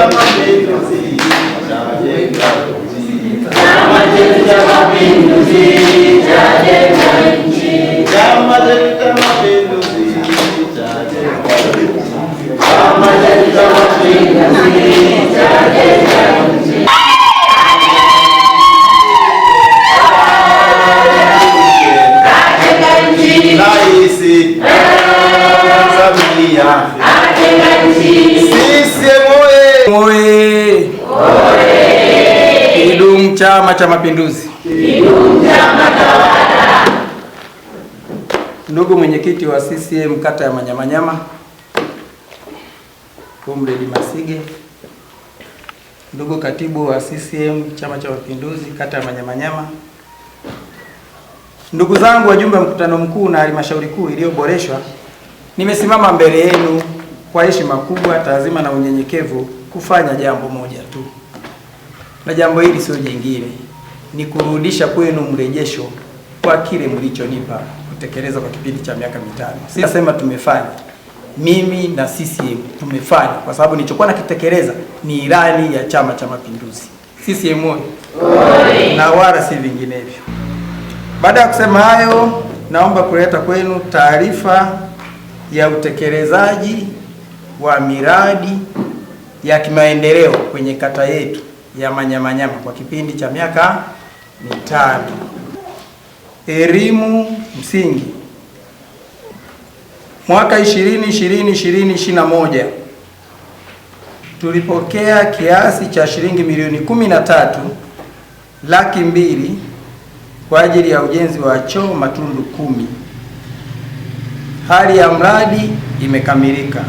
ধর্ম cha Mapinduzi. Ndugu mwenyekiti wa CCM kata ya Manyamanyama Comrade Masige, ndugu katibu wa CCM chama cha Mapinduzi kata ya Manyamanyama, ndugu zangu wajumbe wa mkutano mkuu na halmashauri kuu iliyoboreshwa, nimesimama mbele yenu kwa heshima kubwa, taazima na unyenyekevu kufanya jambo moja tu, na jambo hili sio jingine ni kurudisha kwenu mrejesho kwa kile mlichonipa kutekeleza kwa kipindi cha miaka mitano. Si nasema tumefanya, mimi na CCM tumefanya, kwa sababu nilichokuwa nakitekeleza ni ilani ya Chama cha Mapinduzi. CCM oyee! Na wala si vinginevyo. Baada ya kusema hayo, naomba kuleta kwenu taarifa ya utekelezaji wa miradi ya kimaendeleo kwenye kata yetu ya Manyamanyama kwa kipindi cha miaka tano. Elimu msingi mwaka 2020 2021 tulipokea kiasi cha shilingi milioni kumi tatu laki mbili kwa ajili ya ujenzi wa choo matundu kumi. Hali ya mradi imekamilika.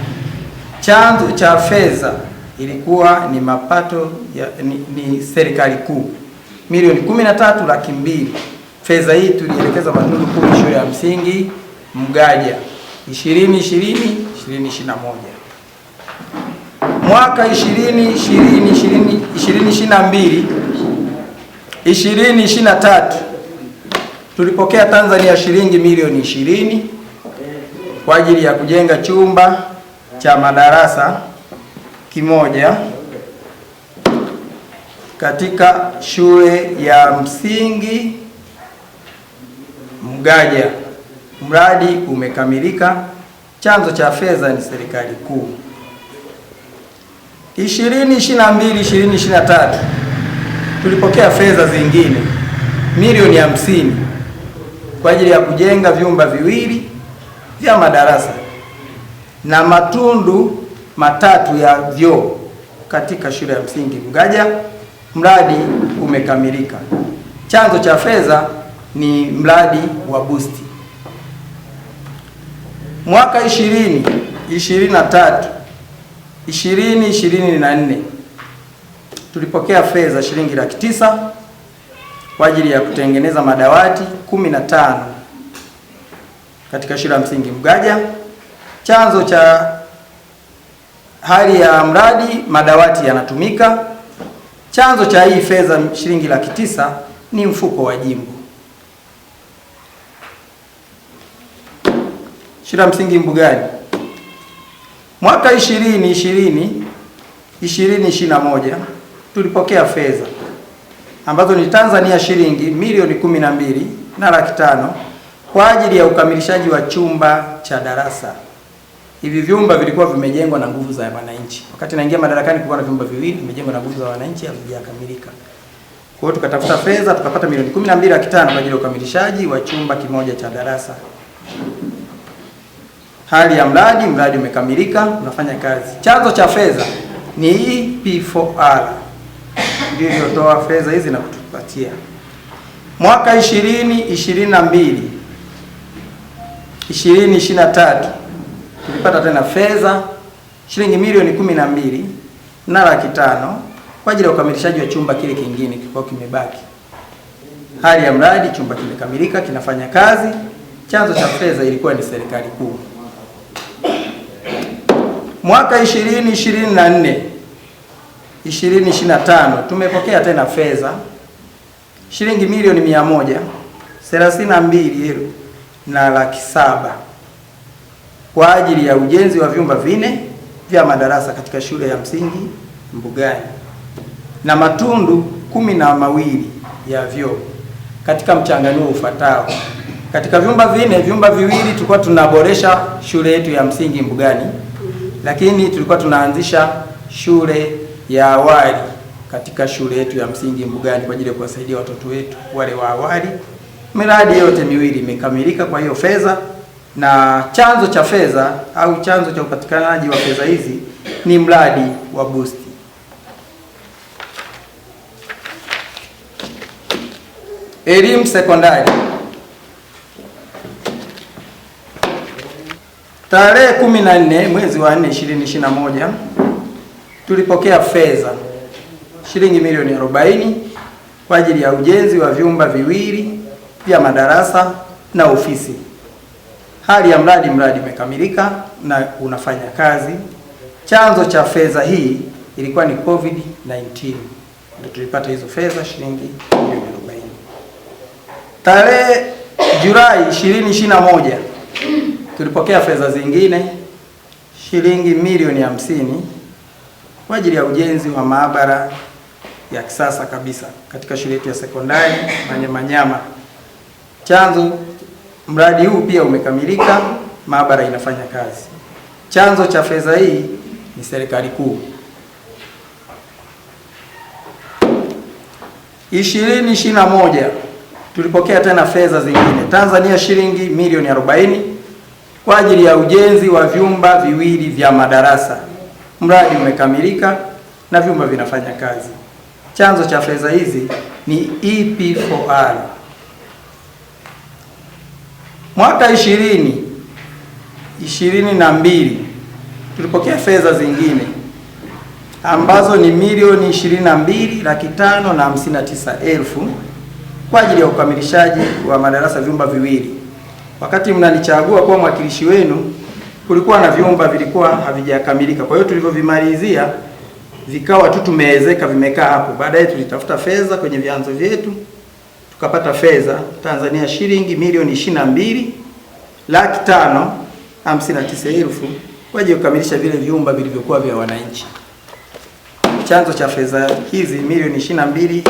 Chanzo cha fedha ilikuwa ni mapato ya, ni, ni serikali kuu milioni 13 laki mbili. Fedha hii tulielekeza matundu kumi shule ya msingi Mgaja 2020 2021. Mwaka 2020 2020 2022 2023 tulipokea Tanzania shilingi milioni 20 kwa ajili ya kujenga chumba cha madarasa kimoja katika shule ya msingi Mgaja. Mradi umekamilika. Chanzo cha fedha ni serikali kuu. 2022 2023 tulipokea fedha zingine milioni hamsini kwa ajili ya kujenga vyumba viwili vya madarasa na matundu matatu ya vyoo katika shule ya msingi Mgaja mradi umekamilika. Chanzo cha fedha ni mradi wa BOOST. Mwaka 20 23 20 24 tulipokea fedha shilingi laki tisa kwa ajili ya kutengeneza madawati 15 katika shule ya msingi Mgaja. Chanzo cha hali ya mradi, madawati yanatumika Chanzo cha hii fedha shilingi laki tisa ni mfuko wa jimbo. Shule ya msingi Mbugani, mwaka 2020 2021 tulipokea fedha ambazo ni Tanzania shilingi milioni kumi na mbili na laki tano kwa ajili ya ukamilishaji wa chumba cha darasa. Hivi vyumba vilikuwa vimejengwa na nguvu za wananchi. Wakati naingia madarakani kulikuwa na vyumba viwili vimejengwa na nguvu za wananchi havijakamilika. Kwa hiyo tukatafuta fedha tukapata milioni 12.5 kwa ajili ya ukamilishaji wa chumba kimoja cha darasa. Hali ya mradi, mradi umekamilika, unafanya kazi. Chanzo cha fedha ni P4R ndio iliyotoa fedha hizi na kutupatia mwaka 2022 2023 tulipata tena fedha shilingi milioni kumi na mbili na laki tano kwa ajili ya ukamilishaji wa chumba kile kingine kilikuwa kimebaki. Hali ya mradi, chumba kimekamilika, kinafanya kazi. Chanzo cha fedha ilikuwa ni serikali kuu. Mwaka 2024 2025 tumepokea tena fedha shilingi milioni mia moja thelathini na mbili na laki saba kwa ajili ya ujenzi wa vyumba vine vya madarasa katika shule ya msingi Mbugani na matundu kumi na mawili ya vyoo katika mchanganuo ufuatao. Katika vyumba vine, vyumba viwili tulikuwa tunaboresha shule yetu ya msingi Mbugani, lakini tulikuwa tunaanzisha shule ya awali katika shule yetu ya msingi Mbugani kwa ajili ya kuwasaidia watoto wetu wale wa awali. Miradi yote miwili imekamilika, kwa hiyo fedha na chanzo cha fedha au chanzo cha upatikanaji wa fedha hizi ni mradi wa BOOST. Elimu sekondari. Tarehe 14 mwezi wa 4 2021 tulipokea fedha shilingi milioni 40 kwa ajili ya ujenzi wa vyumba viwili vya madarasa na ofisi hali ya mradi, mradi umekamilika na unafanya kazi. Chanzo cha fedha hii ilikuwa ni COVID 19, ndio tulipata hizo fedha shilingi milioni 40. Tarehe Julai 2021 tulipokea fedha zingine shilingi milioni 50 kwa ajili ya ujenzi wa maabara ya kisasa kabisa katika shule yetu ya sekondari Manyamanyama. Chanzo Mradi huu pia umekamilika, maabara inafanya kazi. Chanzo cha fedha hii ni serikali kuu. ishirini ishirini na moja tulipokea tena fedha zingine Tanzania shilingi milioni 40 kwa ajili ya ujenzi wa vyumba viwili vya madarasa. Mradi umekamilika na vyumba vinafanya kazi. Chanzo cha fedha hizi ni EP4R. Mwaka ishirini ishirini na mbili tulipokea fedha zingine ambazo ni milioni ishirini na mbili laki tano na hamsini na tisa elfu kwa ajili ya ukamilishaji wa madarasa vyumba viwili. Wakati mnanichagua kuwa mwakilishi wenu, kulikuwa na vyumba vilikuwa havijakamilika, kwa hiyo tulivyovimalizia vikawa tu tumeezeka, vimekaa hapo. Baadaye tulitafuta fedha kwenye vyanzo vyetu tukapata fedha Tanzania shilingi milioni ishirini na mbili laki tano hamsini na tisa elfu kwa ajili kukamilisha vile vyumba vilivyokuwa vya wananchi. Chanzo cha fedha hizi milioni ishirini na mbili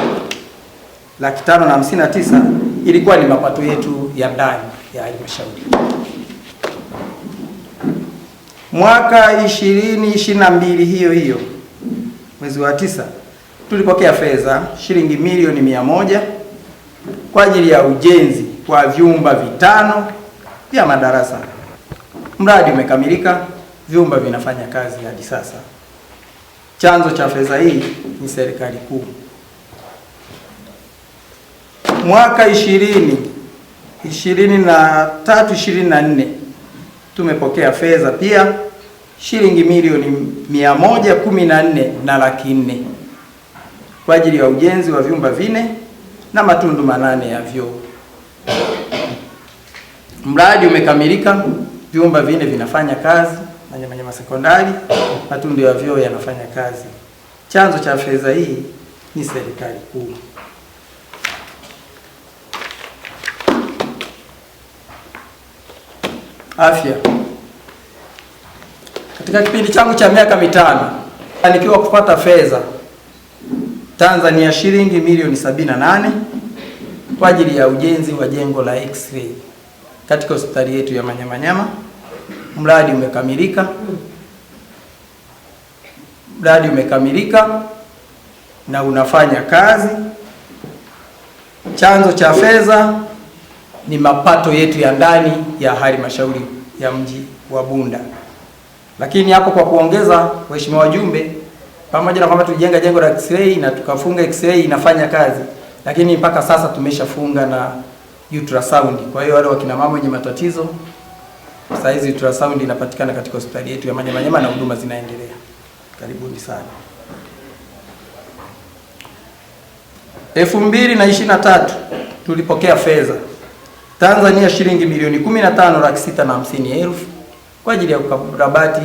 laki tano na hamsini na tisa ilikuwa ni mapato yetu ya ndani ya halmashauri. Mwaka ishirini ishirini na mbili hiyo hiyo mwezi wa tisa tulipokea fedha shilingi milioni mia moja kwa ajili ya ujenzi wa vyumba vitano vya madarasa. Mradi umekamilika, vyumba vinafanya kazi hadi sasa. Chanzo cha fedha hii ni serikali kuu. Mwaka ishirini ishirini na tatu ishirini na nne tumepokea fedha pia shilingi milioni mia moja kumi na nne na laki nne kwa ajili ya ujenzi wa vyumba vine na matundu manane ya vyoo. Mradi umekamilika, vyumba vine vinafanya kazi Manyamanyama Sekondari, matundu ya vyoo yanafanya kazi. Chanzo cha fedha hii ni serikali kuu. Afya. Katika kipindi changu cha miaka mitano, nikiwa kupata fedha Tanzania shilingi milioni 78 kwa ajili ya ujenzi wa jengo la X-ray katika hospitali yetu ya Manyamanyama. Mradi umekamilika, mradi umekamilika na unafanya kazi. Chanzo cha fedha ni mapato yetu ya ndani ya halmashauri ya mji wa Bunda, lakini hapo kwa kuongeza, waheshimiwa wajumbe pamoja na kwamba tulijenga jengo la X-ray na tukafunga X-ray inafanya kazi, lakini mpaka sasa tumeshafunga na ultrasound. Kwa hiyo wale wakina mama wenye matatizo sasa hizi ultrasound inapatikana katika hospitali yetu ya Manyamanyama na huduma zinaendelea. Karibuni sana. elfu mbili na ishirini na tatu tulipokea fedha Tanzania shilingi milioni 15 laki sita na hamsini elfu kwa ajili ya ukarabati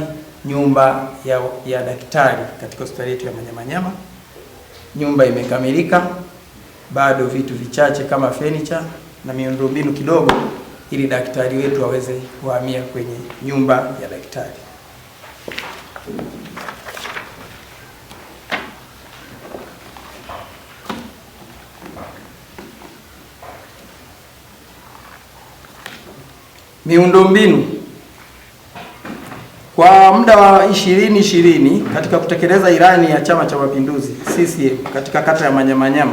nyumba ya, ya daktari katika hospitali yetu ya Manyamanyama. Nyumba imekamilika, bado vitu vichache kama furniture na miundombinu kidogo, ili daktari wetu aweze kuhamia kwenye nyumba ya daktari. Miundombinu kwa muda wa ishirini ishirini katika kutekeleza ilani ya Chama cha Mapinduzi CCM katika kata ya Manyamanyama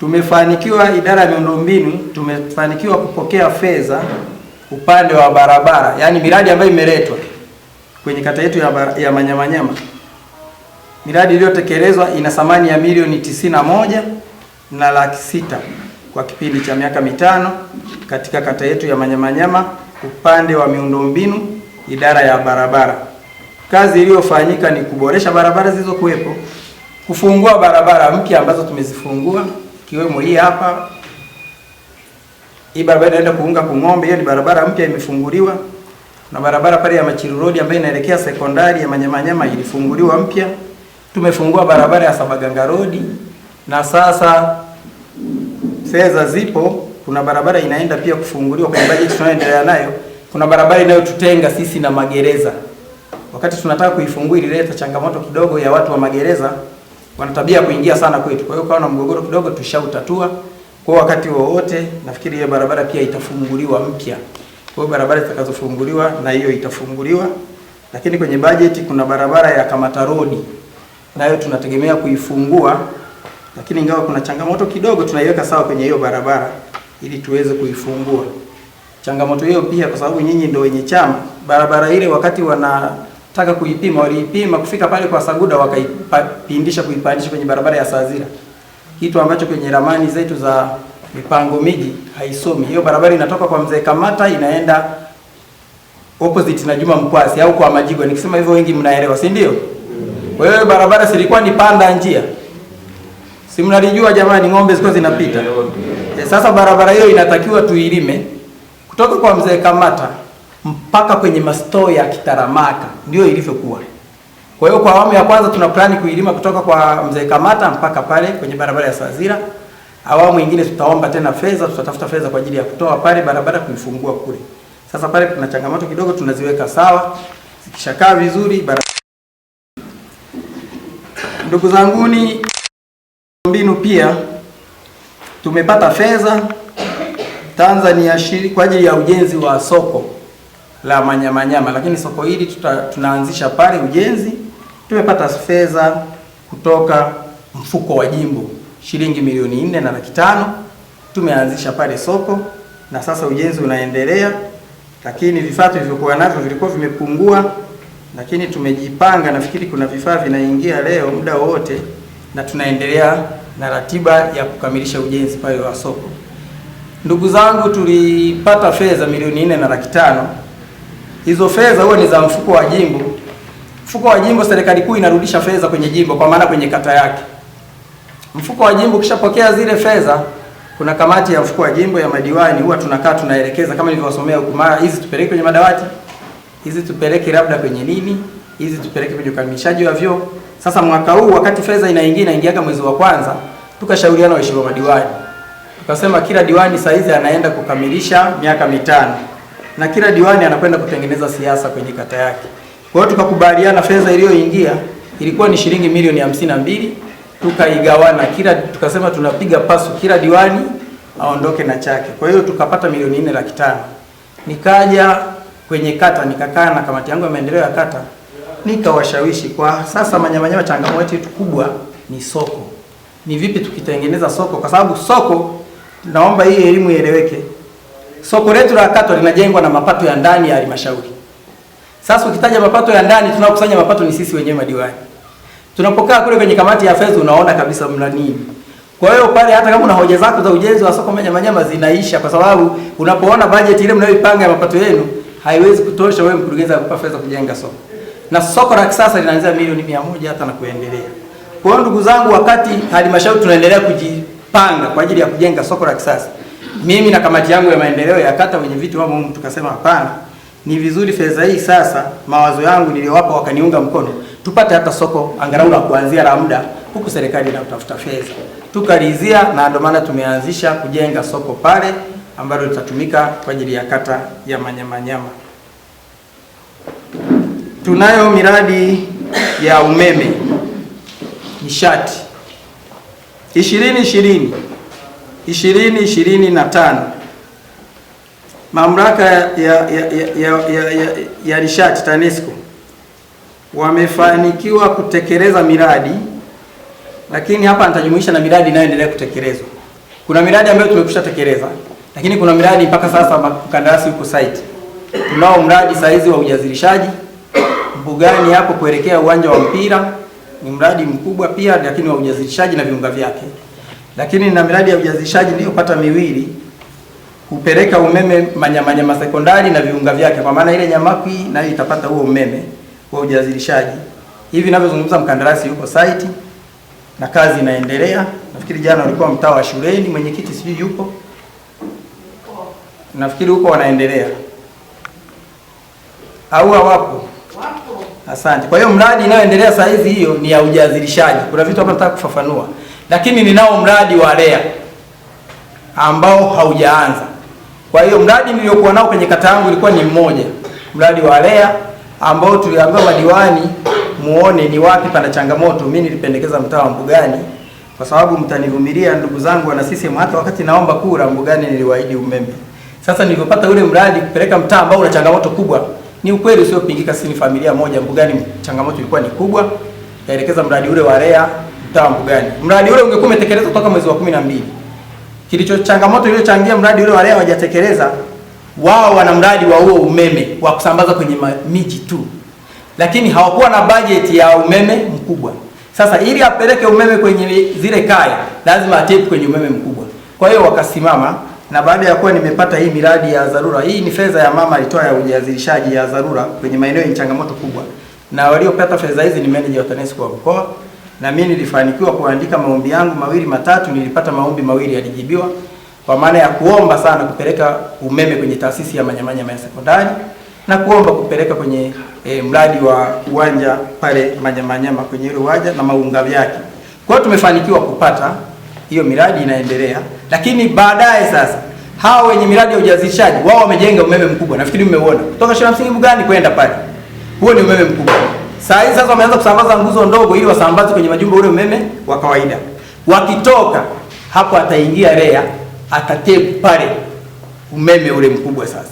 tumefanikiwa, idara ya miundombinu tumefanikiwa kupokea fedha upande wa barabara, yaani miradi ambayo imeletwa kwenye kata yetu ya, ya Manyamanyama. Miradi iliyotekelezwa ina thamani ya milioni 91 na moja na laki sita kwa kipindi cha miaka mitano katika kata yetu ya Manyamanyama upande wa miundombinu idara ya barabara. Kazi iliyofanyika ni kuboresha barabara zilizokuwepo, kufungua barabara mpya ambazo tumezifungua, ikiwemo hii hapa hii barabara inaenda kuunga Kung'ombe, hiyo ni barabara mpya imefunguliwa, na barabara pale ya Machiru Road ambayo inaelekea sekondari ya Manyamanyama ilifunguliwa mpya. Tumefungua barabara ya Sabaganga Road na sasa fedha zipo, kuna barabara inaenda pia kufunguliwa kwa bajeti tunayoendelea nayo kuna barabara inayotutenga sisi na magereza. Wakati tunataka kuifungua ilileta changamoto kidogo ya watu wa magereza, wana tabia kuingia sana kwetu. Kwa hiyo kawa na mgogoro kidogo, tushautatua kwa wakati wowote. Nafikiri hiyo barabara pia itafunguliwa mpya. Kwa hiyo barabara zitakazofunguliwa na hiyo itafunguliwa, lakini kwenye bajeti kuna barabara ya Kamata Road nayo tunategemea kuifungua, lakini ingawa kuna changamoto kidogo, tunaiweka sawa kwenye hiyo barabara ili tuweze kuifungua changamoto hiyo pia, kwa sababu nyinyi ndio wenye chama. Barabara ile wakati wanataka kuipima, waliipima kufika pale kwa Saguda, wakaipindisha kuipandisha kwenye barabara ya Sazira, kitu ambacho kwenye ramani zetu za mipango miji haisomi. Hiyo barabara inatoka kwa mzee Kamata inaenda opposite na Juma Mkwasi au kwa Majigo. Nikisema hivyo wengi mnaelewa, si ndio? Kwa hiyo barabara silikuwa ni panda njia, si mnalijua jamani, ng'ombe zilikuwa zinapita. Eh, sasa barabara hiyo inatakiwa tuilime kutoka kwa mzee Kamata mpaka kwenye mastoo ya Kitaramaka, ndio ilivyokuwa. Kwa hiyo kwa awamu ya kwanza tuna plani kuilima kutoka kwa mzee Kamata mpaka pale kwenye barabara ya sazira Awamu nyingine tutaomba tena fedha, tutatafuta fedha kwa ajili ya kutoa pale barabara kuifungua kule. Sasa pale kuna changamoto kidogo, tunaziweka sawa, zikishakaa vizuri barabara. Ndugu zanguni, mbinu pia tumepata fedha Tanzania shiri kwa ajili ya ujenzi wa soko la Manyamanyama, lakini soko hili tuta, tunaanzisha pale ujenzi. Tumepata fedha kutoka mfuko wa jimbo shilingi milioni nne na laki tano tumeanzisha pale soko na sasa ujenzi unaendelea, lakini vifaa tulivyokuwa navyo vilikuwa vimepungua, lakini tumejipanga. Nafikiri kuna vifaa vinaingia leo muda wowote, na tunaendelea na ratiba ya kukamilisha ujenzi pale wa soko. Ndugu zangu, tulipata fedha milioni nne na laki tano. Hizo fedha huwa ni za mfuko wa jimbo. Mfuko wa jimbo, serikali kuu inarudisha fedha kwenye jimbo, kwa maana kwenye kata yake. Mfuko wa jimbo ukishapokea zile fedha, kuna kamati ya mfuko wa jimbo ya madiwani, huwa tunakaa tunaelekeza, kama nilivyosomea huko, mara hizi tupeleke kwenye madawati, hizi tupeleke labda kwenye nini, hizi tupeleke kwenye ukamilishaji wa vyoo. Sasa mwaka huu wakati fedha inaingia, inaingiaga mwezi wa kwanza, tukashauriana waheshimiwa madiwani Tunasema kila diwani saizi anaenda kukamilisha miaka mitano na kila diwani anakwenda kutengeneza siasa kwenye kata yake. Kwa hiyo tukakubaliana, fedha iliyoingia ilikuwa ni shilingi milioni hamsini na mbili tukaigawana kila, tukasema tunapiga pasu, kila diwani aondoke na chake. Kwa hiyo tukapata milioni nne laki tano. Nikaja kwenye kata nikakaa na kamati yangu ya maendeleo ya kata nikawashawishi. Kwa sasa Manyamanyawa, changamoto yetu kubwa ni soko. Ni vipi tukitengeneza soko? Kwa sababu soko Naomba hii elimu ieleweke. Soko letu la Katwa linajengwa na mapato ya ndani ya halmashauri. Sasa ukitaja mapato ya ndani, tunakusanya mapato ni sisi wenyewe madiwani. Tunapokaa kule kwenye kamati ya fedha, unaona kabisa mna nini. Kwa hiyo pale, hata kama una hoja zako za ujenzi wa soko manyama nyama zinaisha, kwa sababu unapoona bajeti ile mnayoipanga ya mapato yenu haiwezi kutosha wewe mkurugenzi akupa fedha kujenga soko, na soko la kisasa linaanzia milioni mia moja hata na kuendelea. Kwa hiyo ndugu zangu, wakati halmashauri tunaendelea kuji kupanga kwa ajili ya kujenga soko la kisasa. Mimi na kamati yangu ya maendeleo ya kata wenye viti wamo humu tukasema hapana, ni vizuri fedha hii sasa, mawazo yangu niliyowapa wakaniunga mkono, tupate hata soko angalau la kuanzia la muda, huku serikali inatafuta fedha tukalizia, na ndio maana tumeanzisha kujenga soko pale ambalo litatumika kwa ajili ya kata ya Manyamanyama. Tunayo miradi ya umeme, nishati ishirini ishirini ishirini ishirini na tano mamlaka ya, ya, ya, ya, ya, ya, ya nishati TANESCO wamefanikiwa kutekeleza miradi, lakini hapa nitajumuisha na miradi inayoendelea kutekelezwa. Kuna miradi ambayo tumekwisha tekeleza, lakini kuna miradi mpaka sasa mkandarasi uko site. Tunao mradi saizi wa ujazilishaji Mbugani hapo kuelekea uwanja wa mpira ni mradi mkubwa pia, lakini wa ujazilishaji na viunga vyake, lakini na miradi ya ujazilishaji niliyopata miwili kupeleka umeme Manyamanyama sekondari na viunga vyake, kwa maana ile Nyamakwi nayo itapata huo umeme wa ujazilishaji. Hivi ninavyozungumza, mkandarasi yuko site na kazi inaendelea. Nafikiri jana walikuwa mtaa wa shuleni, mwenyekiti sijui yupo, nafikiri huko wanaendelea au hawapo? Asante. Kwa hiyo mradi inayoendelea sasa hivi hiyo ni ya ujazilishaji. Kuna vitu hapa nataka kufafanua, lakini ninao mradi wa REA ambao haujaanza. Kwa hiyo mradi niliokuwa nao kwenye kata yangu ilikuwa ni mmoja, mradi wa REA ambao tuliambiwa madiwani muone ni wapi pana changamoto. Mimi nilipendekeza mtaa wa Mbugani kwa sababu mtanivumilia ndugu zangu wana CCM, hata wakati naomba kura Mbugani niliwaahidi umeme. Sasa nilipopata ule mradi kupeleka mtaa ambao una changamoto kubwa ni ukweli usiopingika, sisi ni familia moja. Mbugani changamoto ilikuwa ni kubwa, kaelekeza mradi ule wa REA mtaa Mbugani. Mradi ule ungekuwa umetekelezwa toka mwezi wa 12. Kilicho changamoto iliyochangia mradi ule wa REA hawajatekeleza, wao wana mradi wa huo umeme wa kusambaza kwenye miji tu, lakini hawakuwa na bajeti ya umeme mkubwa. Sasa ili apeleke umeme kwenye zile kaya lazima atipu kwenye umeme mkubwa, kwa hiyo wakasimama na baada ya kuwa nimepata hii miradi ya dharura, hii ni fedha ya mama alitoa ya ujazilishaji ya dharura kwenye maeneo yenye changamoto kubwa, na waliopata fedha hizi ni meneja wa TANESCO wa mkoa, na mimi nilifanikiwa kuandika maombi yangu mawili matatu, nilipata maombi mawili yalijibiwa, kwa maana ya kuomba sana kupeleka umeme kwenye taasisi ya Manyamanya ya sekondari na kuomba kupeleka kwenye e, mradi wa uwanja pale Manyamanyama kwenye ile uwanja na maunga yake. Kwa hiyo tumefanikiwa kupata hiyo miradi inaendelea, lakini baadaye sasa hawa wenye miradi ya ujazishaji wao wamejenga umeme mkubwa, nafikiri mmeuona kutoka shule msingi Bugani kwenda pale, huo ni umeme mkubwa. Saa hizi sasa wameanza kusambaza nguzo ndogo, ili wasambaze kwenye majumba ule umeme wa kawaida. Wakitoka hapo, ataingia REA atatepu pale umeme ule mkubwa, sasa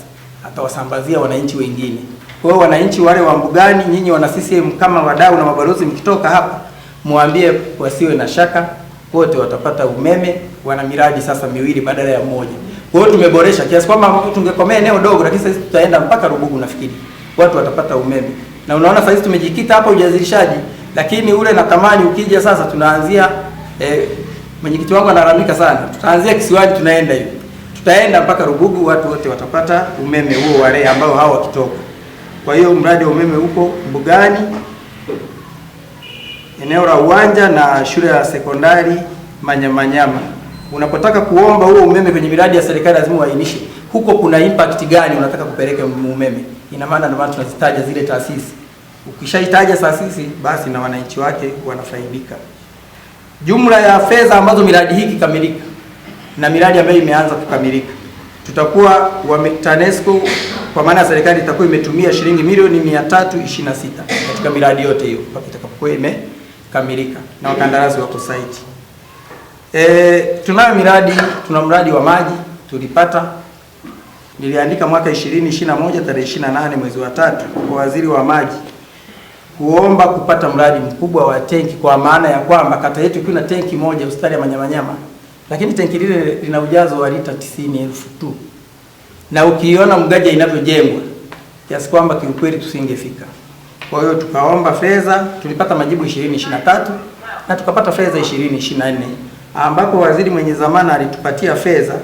atawasambazia wananchi wengine. Kwa hiyo wananchi wale wa Mbugani, nyinyi wana CCM kama wadau na mabalozi, mkitoka hapa muambie wasiwe na shaka wote watapata umeme, wana miradi sasa miwili badala ya moja. Kwa hiyo tumeboresha kiasi kwamba tungekomea eneo dogo, lakini sasa tutaenda mpaka Rugugu nafikiri watu watapata umeme, na unaona sasa tumejikita hapa ujazilishaji, lakini ule na tamani ukija sasa tunaanzia eh, mwenyekiti wangu analalamika sana, tutaanzia Kisiwani tunaenda hivi, tutaenda mpaka Rugugu, watu wote watapata umeme huo wale ambao hao wakitoka. Kwa hiyo mradi wa umeme huko Mbugani eneo la uwanja na shule ya sekondari Manyamanyama. Unapotaka kuomba huo umeme kwenye miradi ya serikali lazima uainishe huko kuna impact gani unataka kupeleka umeme. Ina maana ndio maana tunazitaja zile taasisi. Ukishaitaja taasisi basi na wananchi wake wanafaidika. Jumla ya fedha ambazo miradi hii kikamilika na miradi ambayo imeanza kukamilika, tutakuwa wa TANESCO kwa maana ya serikali itakuwa imetumia shilingi milioni 326 katika miradi yote hiyo mpaka itakapokuwa ime kukamilika na wakandarasi wako site. E, tunayo miradi, tuna mradi wa maji tulipata, niliandika mwaka 2021 tarehe 28 mwezi wa tatu kwa waziri wa maji kuomba kupata mradi mkubwa wa tenki, kwa maana ya kwamba kata yetu kuna tenki moja hospitali ya Manyamanyama, lakini tenki lile lina ujazo wa lita 90,000 tu, na ukiona Mgaja inavyojengwa kiasi kwamba kiukweli tusingefika kwa hiyo tukaomba fedha, tulipata majibu 2023 na tukapata fedha 2024 ambapo waziri mwenye zamana alitupatia fedha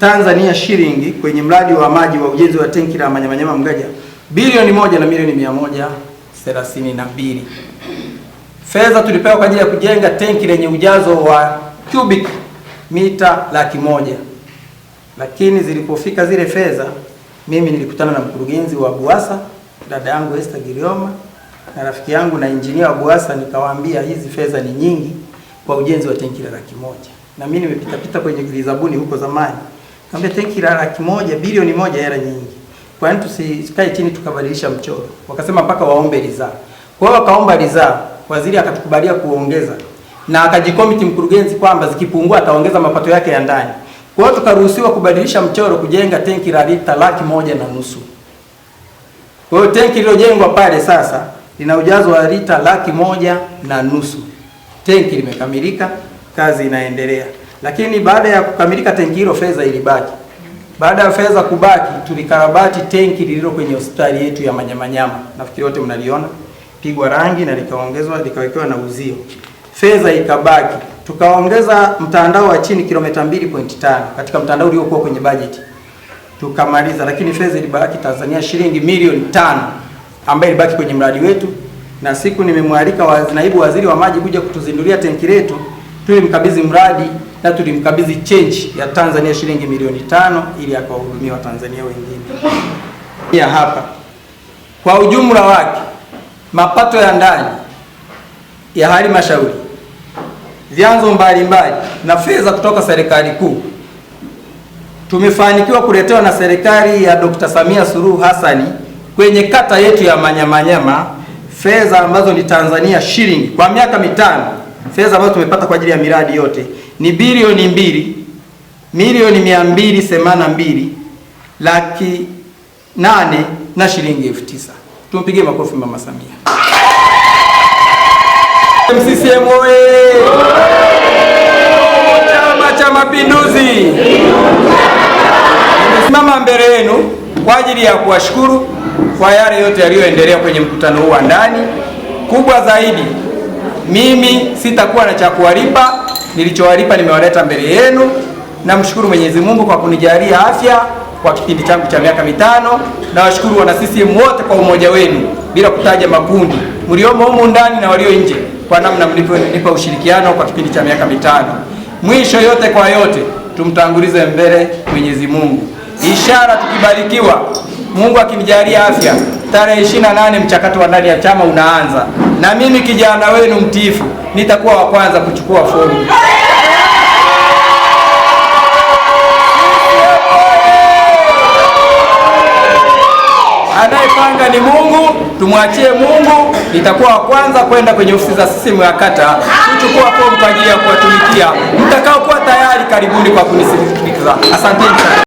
Tanzania shilingi kwenye mradi wa maji wa ujenzi wa tenki la Manyamanyama Mgaja bilioni moja na milioni mia moja thelathini na mbili. Fedha tulipewa kwa ajili ya kujenga tenki lenye ujazo wa cubic mita laki moja, lakini zilipofika zile fedha, mimi nilikutana na mkurugenzi wa BUWASA dada yangu Esther Girioma na rafiki yangu na injinia wa Buasa, nikawaambia hizi fedha ni nyingi kwa ujenzi wa tenki la laki moja. Na mimi nimepita pita kwenye vizabuni huko zamani, nikamwambia tenki la laki moja bilioni moja hela nyingi, kwa nini tusikae chini tukabadilisha mchoro? Wakasema mpaka waombe ridhaa. Kwa hiyo wakaomba ridhaa, waziri akatukubalia kuongeza na akajikomiti mkurugenzi kwamba zikipungua ataongeza mapato yake ya ndani. Kwa hiyo tukaruhusiwa kubadilisha mchoro kujenga tenki la lita laki moja na nusu. Kwa hiyo tenki lililojengwa pale sasa lina ujazo wa lita laki moja na nusu. Tenki limekamilika, kazi inaendelea. Lakini baada ya kukamilika tenki hilo, fedha ilibaki. Baada ya fedha kubaki, tulikarabati tenki lililo kwenye hospitali yetu ya Manyamanyama, nafikiri wote mnaliona, pigwa rangi na likaongezwa likawekewa na uzio, fedha ikabaki. Tukaongeza mtandao wa chini kilomita 2.5 katika mtandao uliokuwa kwenye bajeti tukamaliza, lakini fedha ilibaki Tanzania shilingi milioni tano ambayo ilibaki kwenye mradi wetu, na siku nimemwalika naibu waziri wa maji kuja kutuzindulia tenki letu, tulimkabidhi mradi na tulimkabidhi change ya Tanzania shilingi milioni tano ili akawahudumia Watanzania wengine. Ya hapa kwa ujumla wake mapato ya ndani ya halmashauri, vyanzo mbalimbali na fedha kutoka serikali kuu tumefanikiwa kuletewa na serikali ya Dr. Samia Suluhu Hassani kwenye kata yetu ya Manyamanyama fedha ambazo ni Tanzania shilingi kwa miaka mitano, fedha ambazo tumepata kwa ajili ya miradi yote ni bilioni mbili milioni mia mbili themanini na mbili laki nane na shilingi elfu tisa. Tumpigie makofi Mama Samia. CCM oye! Chama cha Mapinduzi! Nimesimama mbele yenu kwa ajili ya kuwashukuru kwa yale yote yaliyoendelea kwenye mkutano huu wa ndani. Kubwa zaidi, mimi sitakuwa na cha kuwalipa, nilichowalipa nimewaleta mbele yenu. Namshukuru Mwenyezi Mungu kwa kunijalia afya kwa kipindi changu cha miaka mitano. Nawashukuru wana CCM wote kwa umoja wenu, bila kutaja makundi mliomo humu ndani na walio nje, kwa namna mlivyonipa ushirikiano kwa kipindi cha miaka mitano. Mwisho yote kwa yote, tumtangulize mbele Mwenyezi Mungu. Ishara tukibarikiwa, Mungu akinijalia afya, tarehe 28 mchakato wa ndani ya chama unaanza, na mimi kijana wenu mtiifu nitakuwa wa kwanza kuchukua fomu. Anayepanga ni Mungu, tumwachie Mungu. Nitakuwa wa kwanza kwenda kwenye ofisi za sisimu ya kata kuchukua fomu kwa ajili ya kuwatumikia. Mtakaokuwa tayari, karibuni kwa kunisindikiza. Asanteni sana.